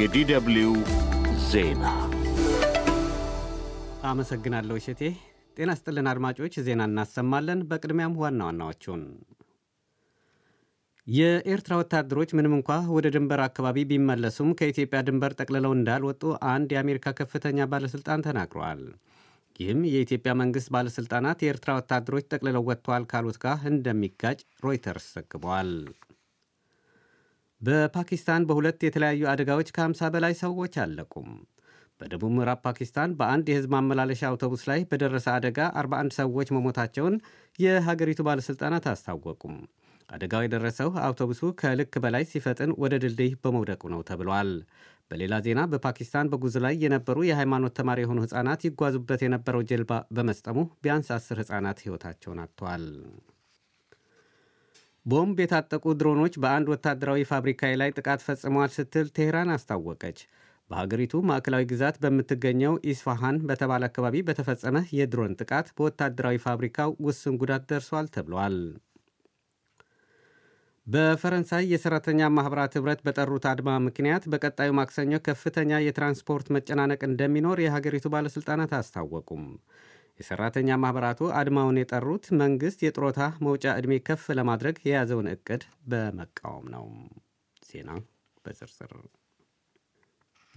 የዲደብሊው ዜና አመሰግናለሁ እሸቴ። ጤና ስጥልን አድማጮች፣ ዜና እናሰማለን። በቅድሚያም ዋና ዋናዎቹን የኤርትራ ወታደሮች ምንም እንኳ ወደ ድንበር አካባቢ ቢመለሱም ከኢትዮጵያ ድንበር ጠቅልለው እንዳልወጡ አንድ የአሜሪካ ከፍተኛ ባለሥልጣን ተናግረዋል። ይህም የኢትዮጵያ መንግሥት ባለሥልጣናት የኤርትራ ወታደሮች ጠቅልለው ወጥተዋል ካሉት ጋር እንደሚጋጭ ሮይተርስ ዘግቧል። በፓኪስታን በሁለት የተለያዩ አደጋዎች ከ50 በላይ ሰዎች አለቁም። በደቡብ ምዕራብ ፓኪስታን በአንድ የህዝብ ማመላለሻ አውቶቡስ ላይ በደረሰ አደጋ 41 ሰዎች መሞታቸውን የሀገሪቱ ባለሥልጣናት አስታወቁም። አደጋው የደረሰው አውቶቡሱ ከልክ በላይ ሲፈጥን ወደ ድልድይ በመውደቁ ነው ተብሏል። በሌላ ዜና በፓኪስታን በጉዞ ላይ የነበሩ የሃይማኖት ተማሪ የሆኑ ሕፃናት ይጓዙበት የነበረው ጀልባ በመስጠሙ ቢያንስ አስር ሕፃናት ሕይወታቸውን አጥተዋል። ቦምብ የታጠቁ ድሮኖች በአንድ ወታደራዊ ፋብሪካ ላይ ጥቃት ፈጽመዋል ስትል ቴህራን አስታወቀች። በሀገሪቱ ማዕከላዊ ግዛት በምትገኘው ኢስፋሃን በተባለ አካባቢ በተፈጸመ የድሮን ጥቃት በወታደራዊ ፋብሪካው ውስን ጉዳት ደርሷል ተብሏል። በፈረንሳይ የሰራተኛ ማኅበራት ኅብረት በጠሩት አድማ ምክንያት በቀጣዩ ማክሰኞ ከፍተኛ የትራንስፖርት መጨናነቅ እንደሚኖር የሀገሪቱ ባለሥልጣናት አስታወቁም። የሰራተኛ ማኅበራቱ አድማውን የጠሩት መንግሥት የጥሮታ መውጫ ዕድሜ ከፍ ለማድረግ የያዘውን ዕቅድ በመቃወም ነው። ዜና በዝርዝር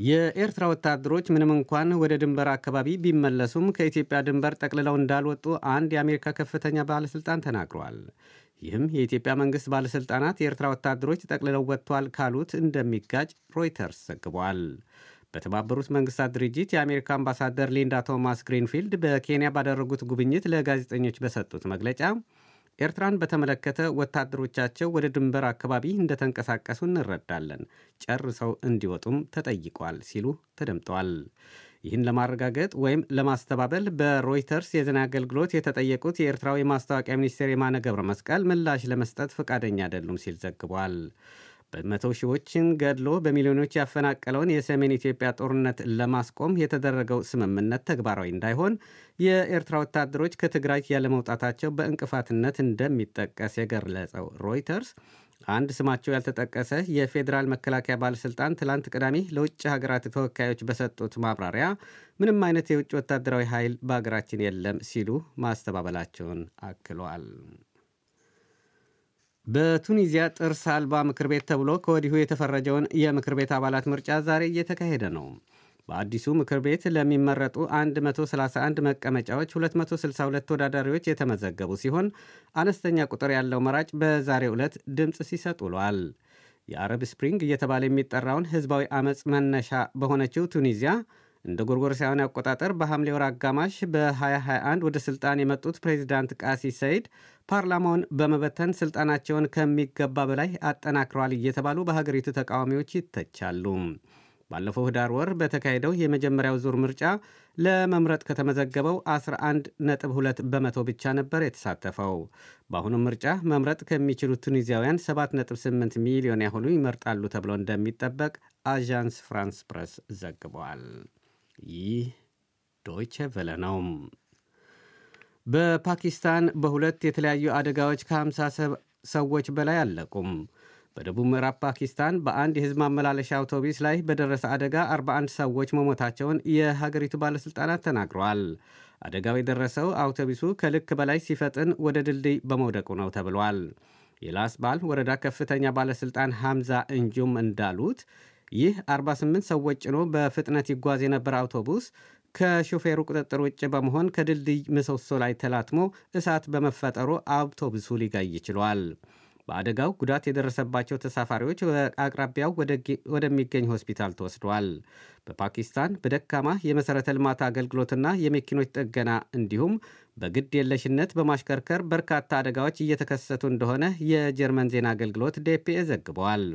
የኤርትራ ወታደሮች ምንም እንኳን ወደ ድንበር አካባቢ ቢመለሱም ከኢትዮጵያ ድንበር ጠቅልለው እንዳልወጡ አንድ የአሜሪካ ከፍተኛ ባለሥልጣን ተናግሯል። ይህም የኢትዮጵያ መንግሥት ባለሥልጣናት የኤርትራ ወታደሮች ጠቅልለው ወጥቷል ካሉት እንደሚጋጭ ሮይተርስ ዘግቧል። በተባበሩት መንግስታት ድርጅት የአሜሪካ አምባሳደር ሊንዳ ቶማስ ግሪንፊልድ በኬንያ ባደረጉት ጉብኝት ለጋዜጠኞች በሰጡት መግለጫ ኤርትራን በተመለከተ ወታደሮቻቸው ወደ ድንበር አካባቢ እንደተንቀሳቀሱ እንረዳለን፣ ጨርሰው እንዲወጡም ተጠይቋል ሲሉ ተደምጠዋል። ይህን ለማረጋገጥ ወይም ለማስተባበል በሮይተርስ የዜና አገልግሎት የተጠየቁት የኤርትራው የማስታወቂያ ሚኒስቴር የማነ ገብረ መስቀል ምላሽ ለመስጠት ፈቃደኛ አይደሉም ሲል ዘግቧል። በመቶ ሺዎችን ገድሎ በሚሊዮኖች ያፈናቀለውን የሰሜን ኢትዮጵያ ጦርነት ለማስቆም የተደረገው ስምምነት ተግባራዊ እንዳይሆን የኤርትራ ወታደሮች ከትግራይ ያለመውጣታቸው በእንቅፋትነት እንደሚጠቀስ የገለጸው ሮይተርስ አንድ ስማቸው ያልተጠቀሰ የፌዴራል መከላከያ ባለሥልጣን ትላንት ቅዳሜ ለውጭ ሀገራት ተወካዮች በሰጡት ማብራሪያ ምንም አይነት የውጭ ወታደራዊ ኃይል በሀገራችን የለም ሲሉ ማስተባበላቸውን አክሏል። በቱኒዚያ ጥርስ አልባ ምክር ቤት ተብሎ ከወዲሁ የተፈረጀውን የምክር ቤት አባላት ምርጫ ዛሬ እየተካሄደ ነው። በአዲሱ ምክር ቤት ለሚመረጡ 131 መቀመጫዎች 262 ተወዳዳሪዎች የተመዘገቡ ሲሆን አነስተኛ ቁጥር ያለው መራጭ በዛሬው ዕለት ድምፅ ሲሰጥ ውሏል። የአረብ ስፕሪንግ እየተባለ የሚጠራውን ሕዝባዊ አመፅ መነሻ በሆነችው ቱኒዚያ እንደ ጎርጎሮሳውያን አቆጣጠር በሐምሌ ወር አጋማሽ በ2021 ወደ ሥልጣን የመጡት ፕሬዚዳንት ቃሲ ሰይድ ፓርላማውን በመበተን ሥልጣናቸውን ከሚገባ በላይ አጠናክረዋል እየተባሉ በሀገሪቱ ተቃዋሚዎች ይተቻሉ። ባለፈው ህዳር ወር በተካሄደው የመጀመሪያው ዙር ምርጫ ለመምረጥ ከተመዘገበው 11.2 በመቶ ብቻ ነበር የተሳተፈው። በአሁኑ ምርጫ መምረጥ ከሚችሉት ቱኒዚያውያን 7.8 ሚሊዮን ያህሉ ይመርጣሉ ተብሎ እንደሚጠበቅ አዣንስ ፍራንስ ፕረስ ዘግበዋል። ይህ ዶይቸ ቨለ ነው። በፓኪስታን በሁለት የተለያዩ አደጋዎች ከ50 ሰዎች በላይ አለቁም። በደቡብ ምዕራብ ፓኪስታን በአንድ የህዝብ ማመላለሻ አውቶቡስ ላይ በደረሰ አደጋ 41 ሰዎች መሞታቸውን የሀገሪቱ ባለሥልጣናት ተናግረዋል። አደጋው የደረሰው አውቶቡሱ ከልክ በላይ ሲፈጥን ወደ ድልድይ በመውደቁ ነው ተብሏል። የላስባል ወረዳ ከፍተኛ ባለሥልጣን ሐምዛ እንጁም እንዳሉት ይህ 48 ሰዎች ጭኖ በፍጥነት ይጓዝ የነበረ አውቶቡስ ከሾፌሩ ቁጥጥር ውጭ በመሆን ከድልድይ ምሰሶ ላይ ተላትሞ እሳት በመፈጠሩ አውቶቡሱ ሊጋይ ችሏል። በአደጋው ጉዳት የደረሰባቸው ተሳፋሪዎች አቅራቢያው ወደሚገኝ ሆስፒታል ተወስደዋል። በፓኪስታን በደካማ የመሠረተ ልማት አገልግሎትና የመኪኖች ጥገና እንዲሁም በግድ የለሽነት በማሽከርከር በርካታ አደጋዎች እየተከሰቱ እንደሆነ የጀርመን ዜና አገልግሎት ዴፒኤ ዘግበዋል።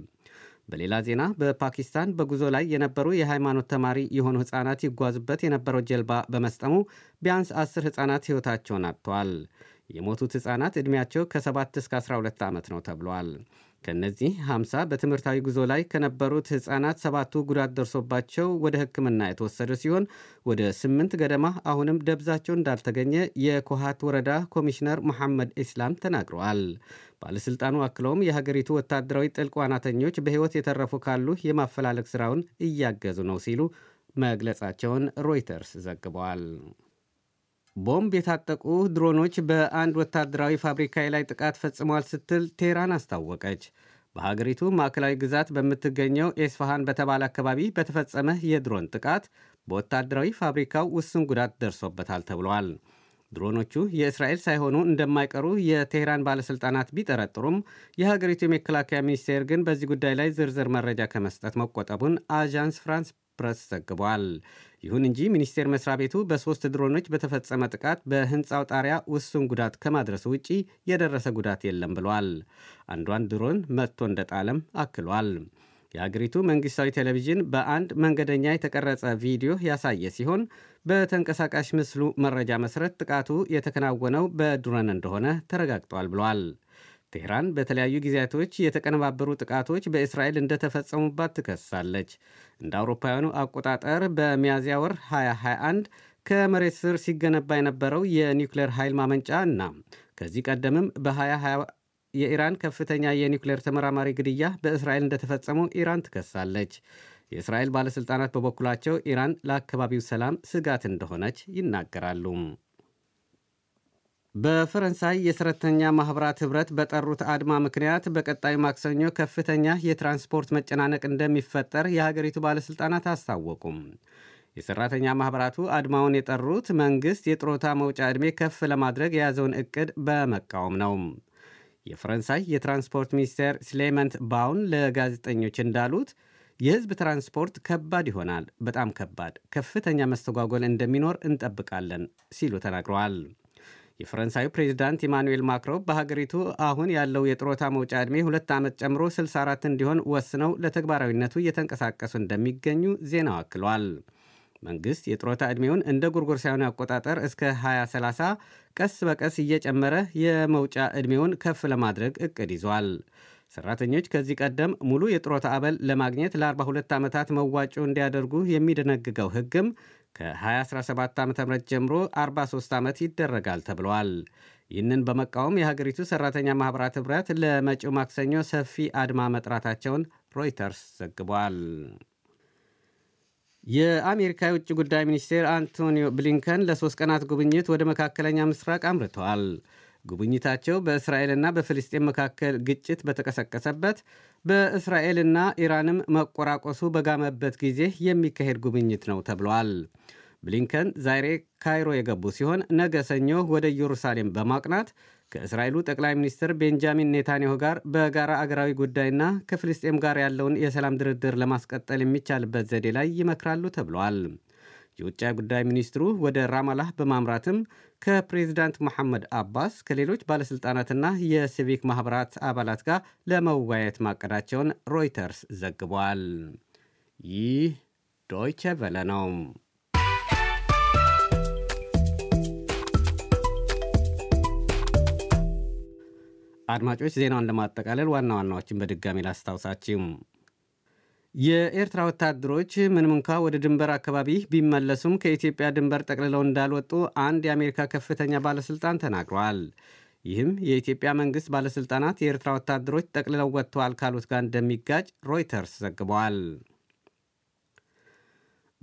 በሌላ ዜና በፓኪስታን በጉዞ ላይ የነበሩ የሃይማኖት ተማሪ የሆኑ ሕፃናት ይጓዙበት የነበረው ጀልባ በመስጠሙ ቢያንስ አስር ሕፃናት ሕይወታቸውን አጥተዋል። የሞቱት ሕፃናት ዕድሜያቸው ከ7 እስከ 12 ዓመት ነው ተብሏል። ከእነዚህ 50 በትምህርታዊ ጉዞ ላይ ከነበሩት ሕፃናት ሰባቱ ጉዳት ደርሶባቸው ወደ ሕክምና የተወሰደ ሲሆን ወደ ስምንት ገደማ አሁንም ደብዛቸው እንዳልተገኘ የኮሃት ወረዳ ኮሚሽነር መሐመድ ኢስላም ተናግረዋል። ባለሥልጣኑ አክለውም የሀገሪቱ ወታደራዊ ጥልቅ ዋናተኞች በሕይወት የተረፉ ካሉ የማፈላለግ ሥራውን እያገዙ ነው ሲሉ መግለጻቸውን ሮይተርስ ዘግበዋል። ቦምብ የታጠቁ ድሮኖች በአንድ ወታደራዊ ፋብሪካ ላይ ጥቃት ፈጽመዋል ስትል ቴህራን አስታወቀች። በሀገሪቱ ማዕከላዊ ግዛት በምትገኘው ኤስፋሃን በተባለ አካባቢ በተፈጸመ የድሮን ጥቃት በወታደራዊ ፋብሪካው ውስን ጉዳት ደርሶበታል ተብሏል። ድሮኖቹ የእስራኤል ሳይሆኑ እንደማይቀሩ የቴህራን ባለሥልጣናት ቢጠረጥሩም የሀገሪቱ የመከላከያ ሚኒስቴር ግን በዚህ ጉዳይ ላይ ዝርዝር መረጃ ከመስጠት መቆጠቡን አዣንስ ፍራንስ ፕረስ ዘግቧል። ይሁን እንጂ ሚኒስቴር መስሪያ ቤቱ በሦስት ድሮኖች በተፈጸመ ጥቃት በሕንፃው ጣሪያ ውሱን ጉዳት ከማድረሱ ውጪ የደረሰ ጉዳት የለም ብሏል። አንዷን ድሮን መጥቶ እንደጣለም አክሏል። የአገሪቱ መንግሥታዊ ቴሌቪዥን በአንድ መንገደኛ የተቀረጸ ቪዲዮ ያሳየ ሲሆን በተንቀሳቃሽ ምስሉ መረጃ መሠረት ጥቃቱ የተከናወነው በዱረን እንደሆነ ተረጋግጧል ብሏል። ቴህራን በተለያዩ ጊዜያቶች የተቀነባበሩ ጥቃቶች በእስራኤል እንደተፈጸሙባት ትከሳለች። እንደ አውሮፓውያኑ አቆጣጠር በሚያዝያ ወር 2021 ከመሬት ስር ሲገነባ የነበረው የኒውክሌር ኃይል ማመንጫ እና ከዚህ ቀደምም በ2020 የኢራን ከፍተኛ የኒውክሌር ተመራማሪ ግድያ በእስራኤል እንደተፈጸሙ ኢራን ትከሳለች። የእስራኤል ባለሥልጣናት በበኩላቸው ኢራን ለአካባቢው ሰላም ስጋት እንደሆነች ይናገራሉ። በፈረንሳይ የሰራተኛ ማኅበራት ኅብረት በጠሩት አድማ ምክንያት በቀጣዩ ማክሰኞ ከፍተኛ የትራንስፖርት መጨናነቅ እንደሚፈጠር የሀገሪቱ ባለሥልጣናት አስታወቁም። የሰራተኛ ማኅበራቱ አድማውን የጠሩት መንግሥት የጥሮታ መውጫ ዕድሜ ከፍ ለማድረግ የያዘውን ዕቅድ በመቃወም ነው። የፈረንሳይ የትራንስፖርት ሚኒስቴር ስሌመንት ባውን ለጋዜጠኞች እንዳሉት የህዝብ ትራንስፖርት ከባድ ይሆናል፣ በጣም ከባድ፣ ከፍተኛ መስተጓጎል እንደሚኖር እንጠብቃለን ሲሉ ተናግረዋል። የፈረንሳዩ ፕሬዚዳንት ኢማኑኤል ማክሮ በሀገሪቱ አሁን ያለው የጥሮታ መውጫ ዕድሜ ሁለት ዓመት ጨምሮ 64 እንዲሆን ወስነው ለተግባራዊነቱ እየተንቀሳቀሱ እንደሚገኙ ዜናው አክሏል። መንግሥት የጥሮታ ዕድሜውን እንደ ጉርጉር ሳይሆን አቆጣጠር እስከ 2030 ቀስ በቀስ እየጨመረ የመውጫ ዕድሜውን ከፍ ለማድረግ እቅድ ይዟል። ሰራተኞች ከዚህ ቀደም ሙሉ የጥሮታ አበል ለማግኘት ለ42 ዓመታት መዋጮ እንዲያደርጉ የሚደነግገው ሕግም ከ2017 ዓ ም ጀምሮ 43 ዓመት ይደረጋል ተብለዋል። ይህንን በመቃወም የሀገሪቱ ሰራተኛ ማኅበራት ኅብረት ለመጪው ማክሰኞ ሰፊ አድማ መጥራታቸውን ሮይተርስ ዘግቧል። የአሜሪካ የውጭ ጉዳይ ሚኒስቴር አንቶኒዮ ብሊንከን ለሦስት ቀናት ጉብኝት ወደ መካከለኛ ምስራቅ አምርተዋል። ጉብኝታቸው በእስራኤልና በፍልስጤን መካከል ግጭት በተቀሰቀሰበት በእስራኤልና ኢራንም መቆራቆሱ በጋመበት ጊዜ የሚካሄድ ጉብኝት ነው ተብሏል። ብሊንከን ዛሬ ካይሮ የገቡ ሲሆን ነገ ሰኞ ወደ ኢየሩሳሌም በማቅናት ከእስራኤሉ ጠቅላይ ሚኒስትር ቤንጃሚን ኔታንያሁ ጋር በጋራ አገራዊ ጉዳይና ከፍልስጤም ጋር ያለውን የሰላም ድርድር ለማስቀጠል የሚቻልበት ዘዴ ላይ ይመክራሉ ተብሏል። የውጭ ጉዳይ ሚኒስትሩ ወደ ራማላህ በማምራትም ከፕሬዚዳንት መሐመድ አባስ ከሌሎች ባለሥልጣናትና የሲቪክ ማኅበራት አባላት ጋር ለመወያየት ማቀዳቸውን ሮይተርስ ዘግቧል። ይህ ዶይቸ ቨለ ነው። አድማጮች ዜናውን ለማጠቃለል ዋና ዋናዎችን በድጋሚ ላስታውሳችሁ። የኤርትራ ወታደሮች ምንም እንኳ ወደ ድንበር አካባቢ ቢመለሱም ከኢትዮጵያ ድንበር ጠቅልለው እንዳልወጡ አንድ የአሜሪካ ከፍተኛ ባለሥልጣን ተናግረዋል። ይህም የኢትዮጵያ መንግሥት ባለሥልጣናት የኤርትራ ወታደሮች ጠቅልለው ወጥተዋል ካሉት ጋር እንደሚጋጭ ሮይተርስ ዘግበዋል።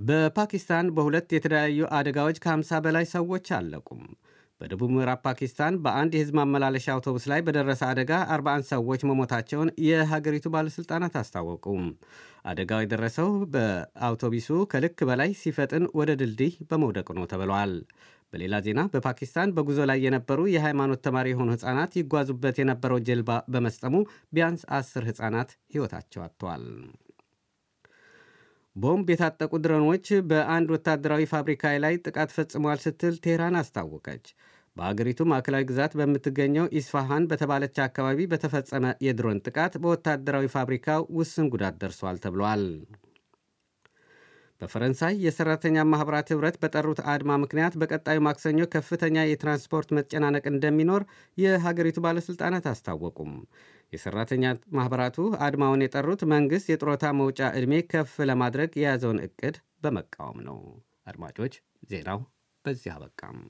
በፓኪስታን በሁለት የተለያዩ አደጋዎች ከ50 በላይ ሰዎች አለቁም። በደቡብ ምዕራብ ፓኪስታን በአንድ የህዝብ ማመላለሻ አውቶቡስ ላይ በደረሰ አደጋ 41 ሰዎች መሞታቸውን የሀገሪቱ ባለሥልጣናት አስታወቁ። አደጋው የደረሰው በአውቶቡሱ ከልክ በላይ ሲፈጥን ወደ ድልድይ በመውደቅ ነው ተብሏል። በሌላ ዜና በፓኪስታን በጉዞ ላይ የነበሩ የሃይማኖት ተማሪ የሆኑ ሕፃናት ይጓዙበት የነበረው ጀልባ በመስጠሙ ቢያንስ አስር ሕፃናት ሕይወታቸው አጥተዋል። ቦምብ የታጠቁ ድሮኖች በአንድ ወታደራዊ ፋብሪካ ላይ ጥቃት ፈጽሟል ስትል ቴህራን አስታወቀች። በአገሪቱ ማዕከላዊ ግዛት በምትገኘው ኢስፋሃን በተባለች አካባቢ በተፈጸመ የድሮን ጥቃት በወታደራዊ ፋብሪካው ውስን ጉዳት ደርሷል ተብሏል። በፈረንሳይ የሰራተኛ ማኅበራት ኅብረት በጠሩት አድማ ምክንያት በቀጣዩ ማክሰኞ ከፍተኛ የትራንስፖርት መጨናነቅ እንደሚኖር የሀገሪቱ ባለሥልጣናት አስታወቁም። የሰራተኛ ማኅበራቱ አድማውን የጠሩት መንግሥት የጡረታ መውጫ ዕድሜ ከፍ ለማድረግ የያዘውን ዕቅድ በመቃወም ነው። አድማጮች፣ ዜናው በዚህ አበቃም።